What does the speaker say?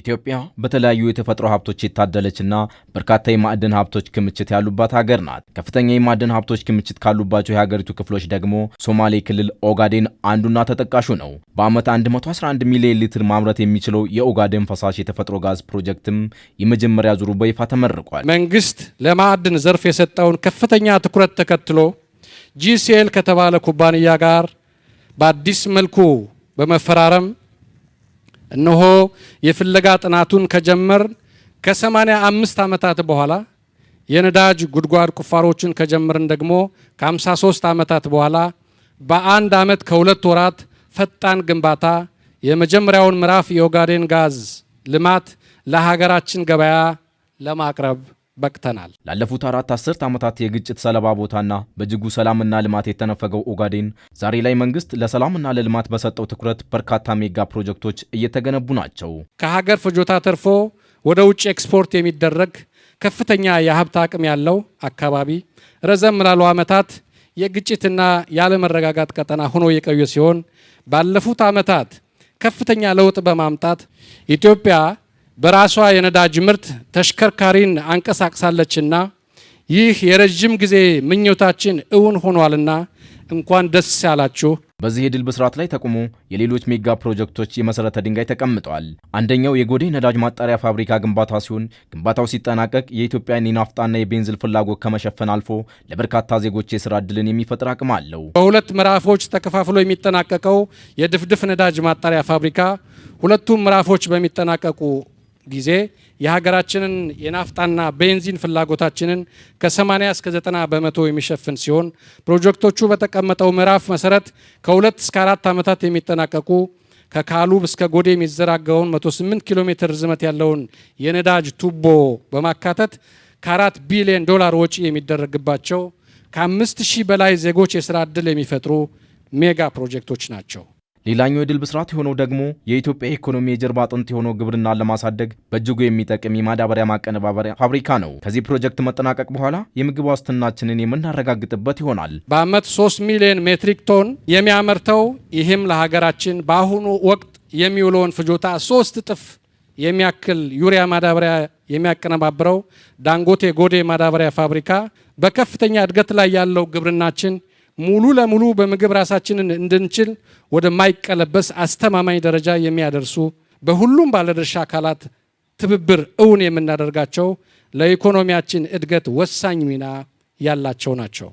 ኢትዮጵያ በተለያዩ የተፈጥሮ ሀብቶች የታደለችና በርካታ የማዕድን ሀብቶች ክምችት ያሉባት ሀገር ናት። ከፍተኛ የማዕድን ሀብቶች ክምችት ካሉባቸው የሀገሪቱ ክፍሎች ደግሞ ሶማሌ ክልል ኦጋዴን አንዱና ተጠቃሹ ነው። በዓመት 111 ሚሊዮን ሊትር ማምረት የሚችለው የኦጋዴን ፈሳሽ የተፈጥሮ ጋዝ ፕሮጀክትም የመጀመሪያ ዙሩ በይፋ ተመርቋል። መንግስት ለማዕድን ዘርፍ የሰጠውን ከፍተኛ ትኩረት ተከትሎ ጂሲኤል ከተባለ ኩባንያ ጋር በአዲስ መልኩ በመፈራረም እነሆ የፍለጋ ጥናቱን ከጀመር ከ85 ዓመታት በኋላ የነዳጅ ጉድጓድ ቁፋሮችን ከጀመርን ደግሞ ከ53 ዓመታት በኋላ በአንድ ዓመት ከሁለት ወራት ፈጣን ግንባታ የመጀመሪያውን ምዕራፍ የኦጋዴን ጋዝ ልማት ለሀገራችን ገበያ ለማቅረብ በቅተናል። ላለፉት አራት አስርት ዓመታት የግጭት ሰለባ ቦታና በእጅጉ ሰላምና ልማት የተነፈገው ኦጋዴን ዛሬ ላይ መንግስት ለሰላምና ለልማት በሰጠው ትኩረት በርካታ ሜጋ ፕሮጀክቶች እየተገነቡ ናቸው። ከሀገር ፍጆታ ተርፎ ወደ ውጭ ኤክስፖርት የሚደረግ ከፍተኛ የሀብት አቅም ያለው አካባቢ ረዘም ላሉ ዓመታት የግጭትና ያለመረጋጋት ቀጠና ሆኖ የቆየ ሲሆን ባለፉት ዓመታት ከፍተኛ ለውጥ በማምጣት ኢትዮጵያ በራሷ የነዳጅ ምርት ተሽከርካሪን አንቀሳቅሳለችና ይህ የረዥም ጊዜ ምኞታችን እውን ሆኗልና እንኳን ደስ ያላችሁ። በዚህ የድል ብስራት ላይ ተቁሞ የሌሎች ሜጋ ፕሮጀክቶች የመሰረተ ድንጋይ ተቀምጠዋል። አንደኛው የጎዴ ነዳጅ ማጣሪያ ፋብሪካ ግንባታ ሲሆን ግንባታው ሲጠናቀቅ የኢትዮጵያን የናፍጣና የቤንዝል ፍላጎት ከመሸፈን አልፎ ለበርካታ ዜጎች የስራ እድልን የሚፈጥር አቅም አለው። በሁለት ምዕራፎች ተከፋፍሎ የሚጠናቀቀው የድፍድፍ ነዳጅ ማጣሪያ ፋብሪካ ሁለቱም ምዕራፎች በሚጠናቀቁ ጊዜ የሀገራችንን የናፍጣና ቤንዚን ፍላጎታችንን ከ80 እስከ 90 በመቶ የሚሸፍን ሲሆን ፕሮጀክቶቹ በተቀመጠው ምዕራፍ መሰረት ከሁለት እስከ አራት ዓመታት የሚጠናቀቁ ከካሉብ እስከ ጎዴ የሚዘረጋውን 108 ኪሎ ሜትር ርዝመት ያለውን የነዳጅ ቱቦ በማካተት ከአራት ቢሊዮን ዶላር ወጪ የሚደረግባቸው ከአምስት ሺህ በላይ ዜጎች የስራ ዕድል የሚፈጥሩ ሜጋ ፕሮጀክቶች ናቸው። ሌላኛው የድል ብስራት የሆነው ደግሞ የኢትዮጵያ ኢኮኖሚ የጀርባ አጥንት የሆነው ግብርናን ለማሳደግ በእጅጉ የሚጠቅም የማዳበሪያ ማቀነባበሪያ ፋብሪካ ነው። ከዚህ ፕሮጀክት መጠናቀቅ በኋላ የምግብ ዋስትናችንን የምናረጋግጥበት ይሆናል። በአመት 3 ሚሊዮን ሜትሪክ ቶን የሚያመርተው ይህም ለሀገራችን በአሁኑ ወቅት የሚውለውን ፍጆታ ሶስት እጥፍ የሚያክል ዩሪያ ማዳበሪያ የሚያቀነባብረው ዳንጎቴ ጎዴ ማዳበሪያ ፋብሪካ በከፍተኛ እድገት ላይ ያለው ግብርናችን ሙሉ ለሙሉ በምግብ ራሳችንን እንድንችል ወደማይቀለበስ አስተማማኝ ደረጃ የሚያደርሱ በሁሉም ባለድርሻ አካላት ትብብር እውን የምናደርጋቸው ለኢኮኖሚያችን እድገት ወሳኝ ሚና ያላቸው ናቸው።